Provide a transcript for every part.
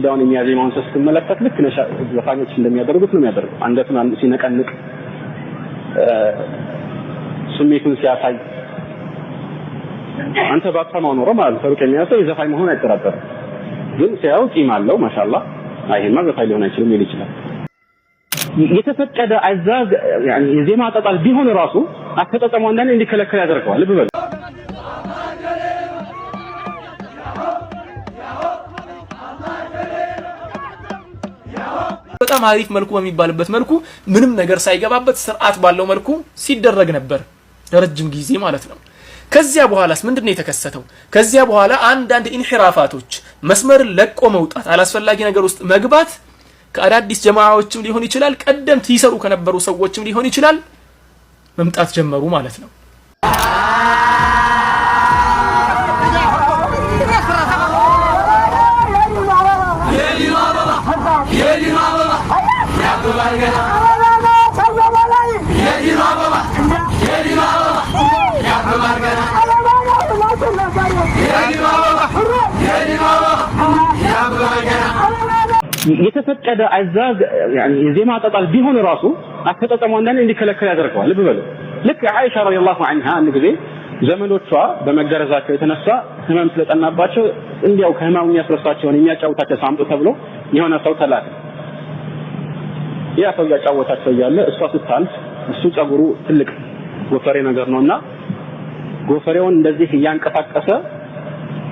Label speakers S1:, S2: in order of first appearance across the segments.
S1: ኪዳውን የሚያዜማውን ሰው ስትመለከት ልክ ዘፋኞች እንደሚያደርጉት ነው የሚያደርገው። አንገቱን ሲነቀንቅ ስሜቱን ሲያሳይ አንተ ባታማው ኖሮ ማለት ሩቅ የሚያሳይ ዘፋኝ መሆን አይጠራጠርም። ግን ሲያው ቂም አለው ማሻላ አይሄማ ዘፋኝ ሊሆን አይችልም ይል ይችላል። የተፈቀደ አዛዝ የዜማ አጣጣል ቢሆን ራሱ አፈጣጠሙ አንዳንድ እንዲከለከል ያደርገዋል። ልብ በል
S2: በጣም አሪፍ መልኩ በሚባልበት መልኩ ምንም ነገር ሳይገባበት ስርዓት ባለው መልኩ ሲደረግ ነበር ለረጅም ጊዜ ማለት ነው። ከዚያ በኋላስ ምንድን ነው የተከሰተው? ከዚያ በኋላ አንዳንድ ኢንሒራፋቶች መስመርን ለቆ መውጣት፣ አላስፈላጊ ነገር ውስጥ መግባት ከአዳዲስ ጀማዓዎችም ሊሆን ይችላል፣ ቀደምት ይሰሩ ከነበሩ ሰዎችም ሊሆን ይችላል መምጣት ጀመሩ ማለት ነው።
S1: የተፈቀደ አዛዝ የዜማ አጠጣል ቢሆን ራሱ አተጠጠሙ አንዳንድ እንዲከለከል ያደርገዋል። ልብ በሉ። ልክ አይሻ ረዲየላሁ አንሃ አንድ ጊዜ ዘመዶቿ በመገረዛቸው የተነሳ ህመም ስለጠናባቸው እንዲያው ከህማሙ የሚያስረሳቸውን የሚያጫውታቸው ሳምጡ ተብሎ የሆነ ሰው ተላከ። ያ ሰው እያጫወታቸው እያለ እሷ ስታልፍ እሱ ጸጉሩ ትልቅ ጎፈሬ ነገር ነውና ጎፈሬውን እንደዚህ እያንቀሳቀሰ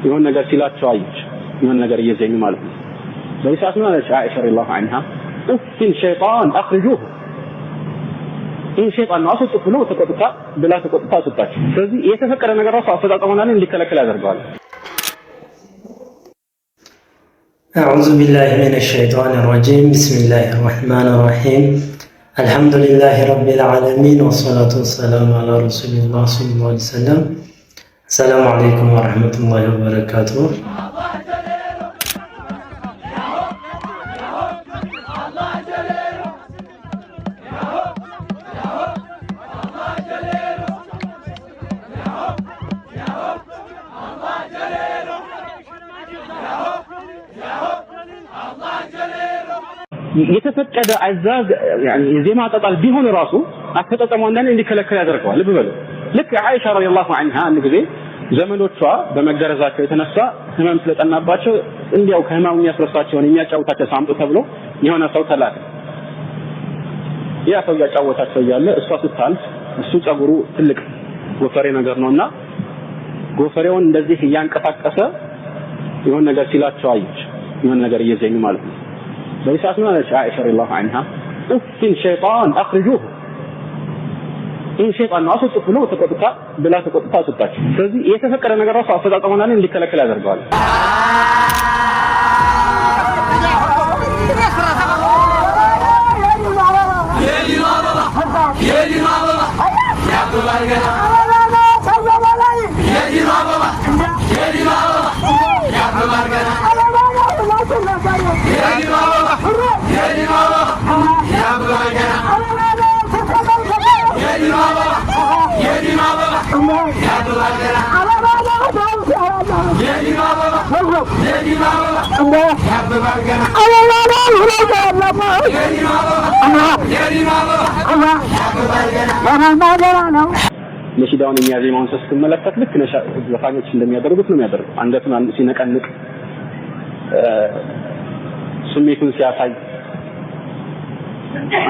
S1: የሆን ነገር ሲላቸው አየች የሆን ነገር እየዘኙ ማለት ነው በዚህ ሰዓት ምን አለች አይሻ ረዲየላሁ ዐንሃ እፍ ሸይጣን አክርጁሁ ይህ ሸይጣን ነው አስወጡት ብሎ ተቆጥታ ብላ ተቆጥታ አስወጣቸው ስለዚህ የተፈቀደ ነገር ራሱ አፈጻጸሙን እንዲከለከል ያደርገዋል
S3: أعوذ بالله من الشيطان الرجيم بسم الله الرحمن الرحيم الحمد لله رب العالمين والصلاة والسلام على رسول الله صلى الله عليه وسلم السلام عليكم ورحمة الله وبركاته
S1: የተፈቀደ አዛዝ የዜማ አጠጣል ቢሆን ራሱ አተጠጠሟ እንዳንድ እንዲከለከል ያደርገዋል። ልብ በሉ። ልክ ዓይሻ ረዲየላሁ አንሃ አንድ ጊዜ ዘመዶቿ በመገረዛቸው የተነሳ ህመም ስለጠናባቸው እንዲያው ከህመሙ የሚያስረሳቸውን የሚያጫውታቸው ሳምጡ ተብሎ የሆነ ሰው ተላከ። ያ ሰው እያጫወታቸው እያለ እሷ ስታልፍ እሱ ጸጉሩ ትልቅ ጎፈሬ ነገር ነውና ጎፈሬውን እንደዚህ እያንቀሳቀሰ የሆነ ነገር ሲላቸው አየች። የሆነ ነገር እየዘኙ ማለት ነው። በዚህ ሰዓት ምን አለች? አይሻ ረዲየላሁ ዐንሃ ኡፍን ሸይጣን አኽርጁሁ ይህ ሸይጣን ነው አስወጡት ብሎ ተቆጥታ ብላ ተቆጥታ አስወጣቸው። ስለዚህ የተፈቀደ ነገር ራሱ አፈጻጸሙን እንዲከለከል ያደርገዋል። ነሺዳውን የሚያዜማውን ሰው ስትመለከት ልክ ዘፋኞች እንደሚያደርጉት ነው የሚያደርገው። አንገቱን ሲነቀንቅ ስሜቱን ሲያሳይ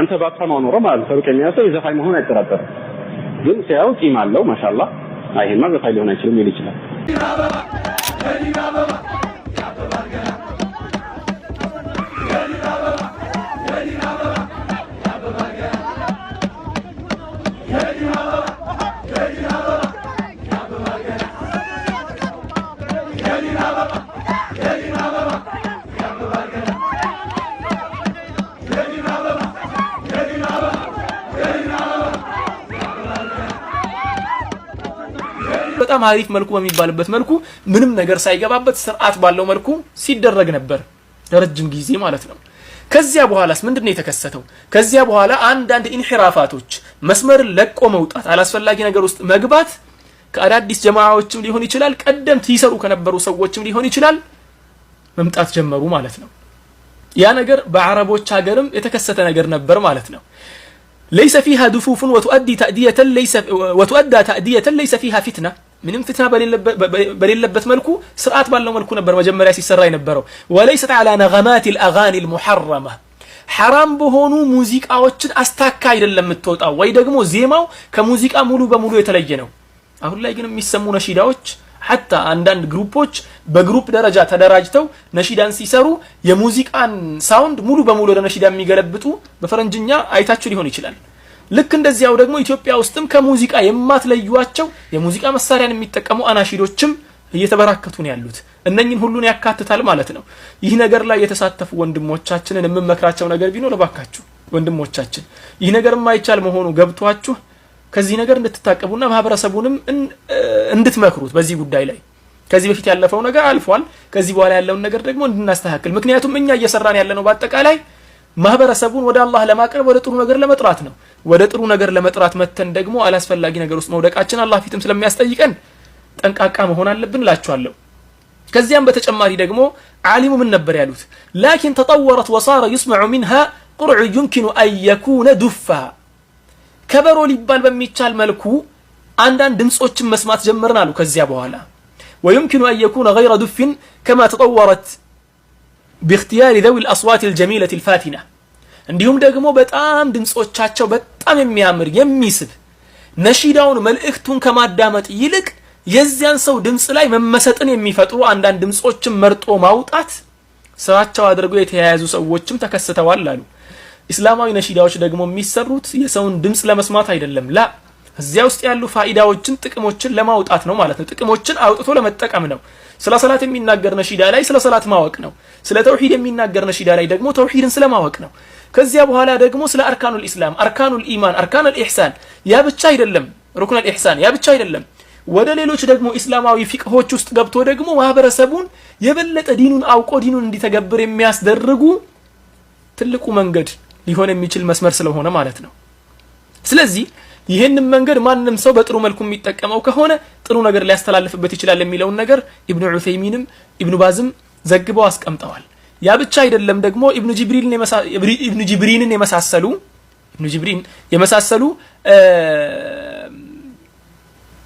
S1: አንተ ባታማ ኖሮ ማለት ነው። ከሩቅ የሚያሰው የዘፋኝ መሆን አይጠራጠርም። ግን ሲያው ቂም አለው ማሻአላህ አይሄማ በፋይል ሊሆን አይችልም ሊል ይችላል።
S2: በጣም አሪፍ መልኩ በሚባልበት መልኩ ምንም ነገር ሳይገባበት ስርዓት ባለው መልኩ ሲደረግ ነበር ለረጅም ጊዜ ማለት ነው። ከዚያ በኋላስ ምንድን ነው የተከሰተው? ከዚያ በኋላ አንዳንድ ኢንሒራፋቶች መስመርን ለቆ መውጣት፣ አላስፈላጊ ነገር ውስጥ መግባት ከአዳዲስ ጀማዓዎችም ሊሆን ይችላል፣ ቀደምት ይሰሩ ከነበሩ ሰዎችም ሊሆን ይችላል መምጣት ጀመሩ ማለት ነው። ያ ነገር በአረቦች ሀገርም የተከሰተ ነገር ነበር ማለት ነው። ለይሰ ፊሃ ድፉፉን ወቱአዳ ተእዲየተን ለይሰ ፊሃ ፊትና ምንም ፍትና በሌለበት መልኩ ስርዓት ባለው መልኩ ነበር መጀመሪያ ሲሰራ የነበረው። ወለይሰት ዓላ ነገማት ልአጋኒ ልሙሐረማ ሐራም በሆኑ ሙዚቃዎችን አስታካ አይደለም የምትወጣው፣ ወይ ደግሞ ዜማው ከሙዚቃ ሙሉ በሙሉ የተለየ ነው። አሁን ላይ ግን የሚሰሙ ነሺዳዎች ሐታ አንዳንድ ግሩፖች በግሩፕ ደረጃ ተደራጅተው ነሺዳን ሲሰሩ የሙዚቃን ሳውንድ ሙሉ በሙሉ ወደ ነሺዳ የሚገለብጡ በፈረንጅኛ አይታችሁ ሊሆን ይችላል። ልክ እንደዚያው ደግሞ ኢትዮጵያ ውስጥም ከሙዚቃ የማትለዩዋቸው የሙዚቃ መሳሪያን የሚጠቀሙ አናሺዶችም እየተበራከቱ ነው ያሉት። እነኝን ሁሉን ያካትታል ማለት ነው። ይህ ነገር ላይ የተሳተፉ ወንድሞቻችንን የምመክራቸው ነገር ቢኖር እባካችሁ ወንድሞቻችን ይህ ነገር የማይቻል መሆኑ ገብቷችሁ ከዚህ ነገር እንድትታቀቡና ማህበረሰቡንም እንድትመክሩት በዚህ ጉዳይ ላይ ከዚህ በፊት ያለፈው ነገር አልፏል። ከዚህ በኋላ ያለውን ነገር ደግሞ እንድናስተካክል ምክንያቱም እኛ እየሰራን ያለነው በአጠቃላይ ማህበረሰቡን ወደ አላህ ለማቅረብ ወደ ጥሩ ነገር ለመጥራት ነው። ወደ ጥሩ ነገር ለመጥራት መተን ደግሞ አላስፈላጊ ነገር ውስጥ መውደቃችን አላህ ፊትም ስለሚያስጠይቀን ጠንቃቃ መሆን አለብን እላችኋለሁ። ከዚያም በተጨማሪ ደግሞ ዓሊሙ ምን ነበር ያሉት? ላኪን ተጠወረት ወሳረ ዩስመዑ ሚንሃ ቁርዑ ዩምኪኑ አን የኩነ ዱፋ። ከበሮ ሊባል በሚቻል መልኩ አንዳንድ ድምፆችን መስማት ጀመርን አሉ። ከዚያ በኋላ ወዩምኪኑ አን ገይረ ዱፊን ከማ ተጠወረት ቢክትያሪ ዘዊ አስዋት ልጀሚለት ልፋቲና እንዲሁም ደግሞ በጣም ድምፆቻቸው በጣም የሚያምር የሚስብ ነሺዳውን መልእክቱን ከማዳመጥ ይልቅ የዚያን ሰው ድምፅ ላይ መመሰጥን የሚፈጥሩ አንዳንድ ድምፆችን መርጦ ማውጣት ስራቸው አድርገው የተያያዙ ሰዎችም ተከስተዋል አሉ። ኢስላማዊ ነሺዳዎች ደግሞ የሚሰሩት የሰውን ድምፅ ለመስማት አይደለም ላ እዚያ ውስጥ ያሉ ፋኢዳዎችን ጥቅሞችን ለማውጣት ነው ማለት ነው። ጥቅሞችን አውጥቶ ለመጠቀም ነው። ስለ ሰላት የሚናገር ነሺዳ ላይ ስለ ሰላት ማወቅ ነው። ስለ ተውሂድ የሚናገር ነሺዳ ላይ ደግሞ ተውሂድን ስለማወቅ ነው። ከዚያ በኋላ ደግሞ ስለ አርካኑል ኢስላም፣ አርካኑል ኢማን፣ አርካኑል ኢሕሳን ያ ብቻ አይደለም፣ ሩክኑል ኢሕሳን ያ ብቻ አይደለም። ወደ ሌሎች ደግሞ ኢስላማዊ ፊቅሆች ውስጥ ገብቶ ደግሞ ማህበረሰቡን የበለጠ ዲኑን አውቆ ዲኑን እንዲተገብር የሚያስደርጉ ትልቁ መንገድ ሊሆን የሚችል መስመር ስለሆነ ማለት ነው። ስለዚህ ይህንን መንገድ ማንም ሰው በጥሩ መልኩ የሚጠቀመው ከሆነ ጥሩ ነገር ሊያስተላልፍበት ይችላል የሚለውን ነገር ኢብኑ ዑሰይሚንም ኢብኑ ባዝም ዘግበው አስቀምጠዋል። ያ ብቻ አይደለም ደግሞ ኢብኑ ጅብሪንን የመሳሰሉ ኢብኑ ጅብሪን የመሳሰሉ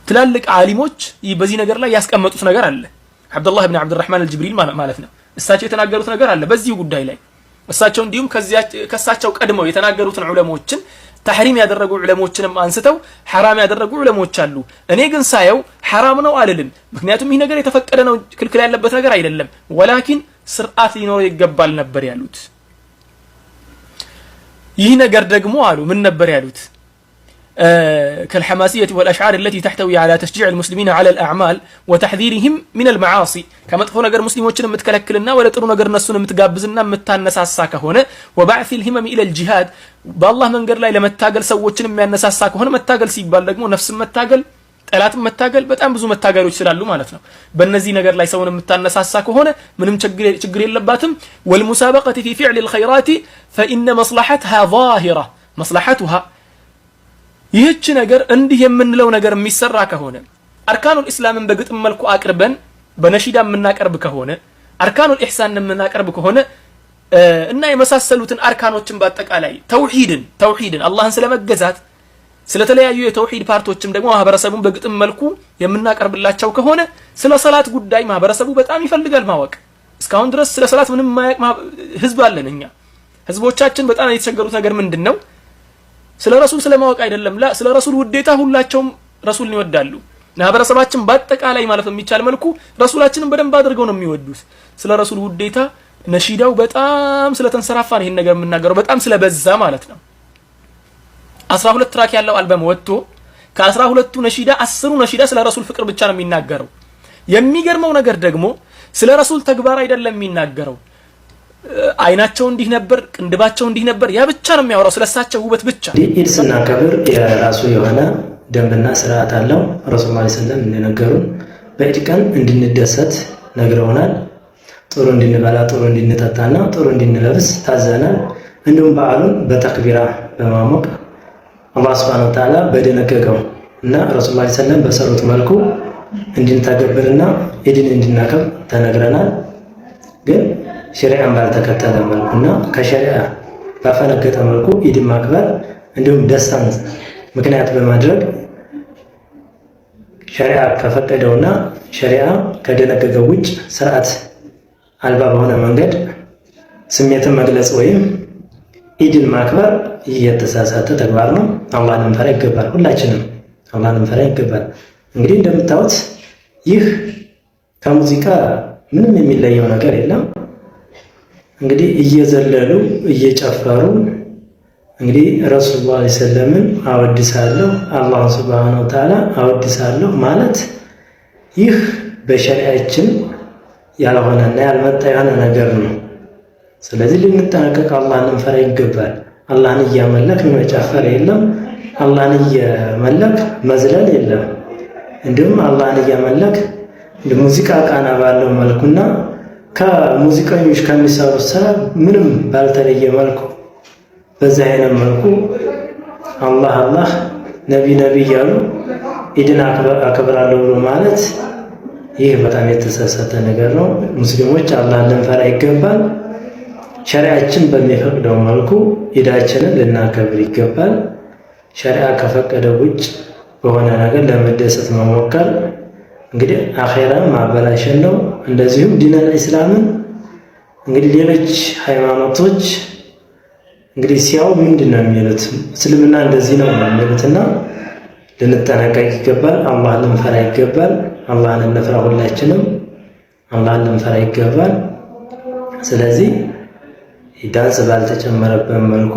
S2: ትላልቅ ዓሊሞች በዚህ ነገር ላይ ያስቀመጡት ነገር አለ። አብዱላህ ብን አብዱራህማን አልጅብሪል ማለት ነው። እሳቸው የተናገሩት ነገር አለ በዚህ ጉዳይ ላይ እሳቸው እንዲሁም ከሳቸው ቀድመው የተናገሩትን ዑለሞችን ተሕሪም ያደረጉ ዑለሞችንም አንስተው ሐራም ያደረጉ ዑለሞች አሉ። እኔ ግን ሳየው ሐራም ነው አልልም። ምክንያቱም ይህ ነገር የተፈቀደ ነው፣ ክልክል ያለበት ነገር አይደለም። ወላኪን ስርዓት ሊኖረው ይገባል ነበር ያሉት። ይህ ነገር ደግሞ አሉ ምን ነበር ያሉት آه، كالحماسية والأشعار التي تحتوي على تشجيع المسلمين على الأعمال وتحذيرهم من المعاصي كما تقول أجر مسلم وشنا لنا ولا ترون أجر نسون متقابزنا متان هنا وبعث الهمم إلى الجهاد بالله من قر لا إلى متاقل سو وشنا من نساء الساكة هنا متاقل سيبال لقمو نفس المتاقل ثلاث متاقل بتأم بزو متاقل وشلا اللو مالتنا بالنزين أجر لا يسون متان نساء هنا من متشقري اللباتم والمسابقة في فعل الخيرات فإن مصلحتها ظاهرة مصلحتها ይህች ነገር እንዲህ የምንለው ነገር የሚሰራ ከሆነ አርካኑል ኢስላምን በግጥም መልኩ አቅርበን በነሺዳ የምናቀርብ ከሆነ አርካኑል ኢሕሳን የምናቀርብ ከሆነ እና የመሳሰሉትን አርካኖችን በአጠቃላይ ተውሂድን ተውሂድን አላህን ስለመገዛት ስለተለያዩ የተውሂድ ፓርቶችም ደግሞ ማህበረሰቡን በግጥም መልኩ የምናቀርብላቸው ከሆነ ስለ ሰላት ጉዳይ ማህበረሰቡ በጣም ይፈልጋል ማወቅ። እስካሁን ድረስ ስለ ሰላት ምንም ማያቅ ህዝብ አለን እኛ። ህዝቦቻችን በጣም የተቸገሩት ነገር ምንድን ነው? ስለ ረሱል ስለማወቅ አይደለም፣ ላ ስለ ረሱል ውዴታ ሁላቸውም ረሱልን ይወዳሉ። ማህበረሰባችን በአጠቃላይ ማለት የሚቻል መልኩ ረሱላችንን በደንብ አድርገው ነው የሚወዱት። ስለ ረሱል ውዴታ ነሺዳው በጣም ስለተንሰራፋ ነው ይሄን ነገር የምናገረው፣ በጣም ስለበዛ ማለት ነው። አስራ ሁለት ትራክ ያለው አልበም ወጥቶ ከአስራ ሁለቱ ነሺዳ አስሩ ነሺዳ ስለ ረሱል ፍቅር ብቻ ነው የሚናገረው። የሚገርመው ነገር ደግሞ ስለ ረሱል ተግባር አይደለም የሚናገረው አይናቸው እንዲህ ነበር፣ ቅንድባቸው እንዲህ ነበር። ያ ብቻ ነው የሚያወራው ስለሳቸው ውበት ብቻ።
S3: ኢድ ስናከብር የራሱ የሆነ ደንብና ስርዓት አለው። ረሱል ላ ስለም እንደነገሩን በኢድ ቀን እንድንደሰት ነግረውናል። ጥሩ እንድንበላ፣ ጥሩ እንድንጠጣና ጥሩ እንድንለብስ ታዘናል። እንዲሁም በዓሉን በተክቢራ በማሞቅ አላህ ስብሃነ ወተዓላ በደነገገው እና ረሱል ማ ስለም በሰሩት መልኩ እንድንተገብርና ኢድን እንድናከብር ተነግረናል ግን ሸሪዓን ባልተከተለ መልኩና ከሸሪዓ ባፈነገጠ መልኩ ኢድን ማክበር እንዲሁም ደስታን ምክንያት በማድረግ ሸሪዓ ከፈቀደውና ሸሪዓ ከደነገገው ውጭ ስርዓት አልባ በሆነ መንገድ ስሜትን መግለጽ ወይም ኢድን ማክበር ይህ የተሳሳተ ተግባር ነው። አላህን ፈራ ይገባል። ሁላችንም አላህን ልንፈራ ይገባል። እንግዲህ እንደምታዩት ይህ ከሙዚቃ ምንም የሚለየው ነገር የለም። እንግዲህ እየዘለሉ እየጨፈሩ እንግዲህ ረሱል ላ ሰለምን አወድሳለሁ አላህ ስብሓን ወተዓላ አወድሳለሁ ማለት ይህ በሸሪያችን ያልሆነና ያልመጣ የሆነ ነገር ነው። ስለዚህ ልንጠነቀቅ አላህን እንፈራ ይገባል። አላህን እያመለክ መጨፈር የለም። አላህን እያመለክ መዝለል የለም። እንዲሁም አላህን እያመለክ ሙዚቃ ቃና ባለው መልኩና ከሙዚቀኞች ከሚሰሩት ስራ ምንም ባልተለየ መልኩ በዚህ አይነት መልኩ አላህ አላህ ነቢ ነቢ እያሉ ኢድን አክብራለሁ ብሎ ማለት ይህ በጣም የተሳሳተ ነገር ነው። ሙስሊሞች አላህን ልንፈራ ይገባል። ሸሪያችን በሚፈቅደው መልኩ ኢዳችንን ልናከብር ይገባል። ሸሪያ ከፈቀደ ውጭ በሆነ ነገር ለመደሰት መሞከር እንግዲህ አኼራን ማበላሸን ነው። እንደዚሁም ዲነል ኢስላምን እንግዲህ ሌሎች ሃይማኖቶች እንግዲህ ሲያው ምንድን ነው የሚሉት? እስልምና እንደዚህ ነው የሚሉትና ልንጠነቀቅ ይገባል። አላህ ልንፈራ ይገባል። አላህ ልንፈራ ሁላችንም አላህ ልንፈራ ይገባል። ስለዚህ ዳንስ ባልተጨመረበት መልኩ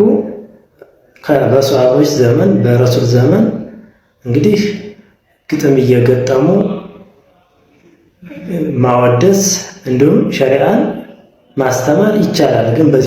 S3: በሰሃቦች ዘመን በረሱል ዘመን እንግዲህ ግጥም እየገጠሙ ማወደስ እንዲሁም ሸሪዓን ማስተማር ይቻላል ግን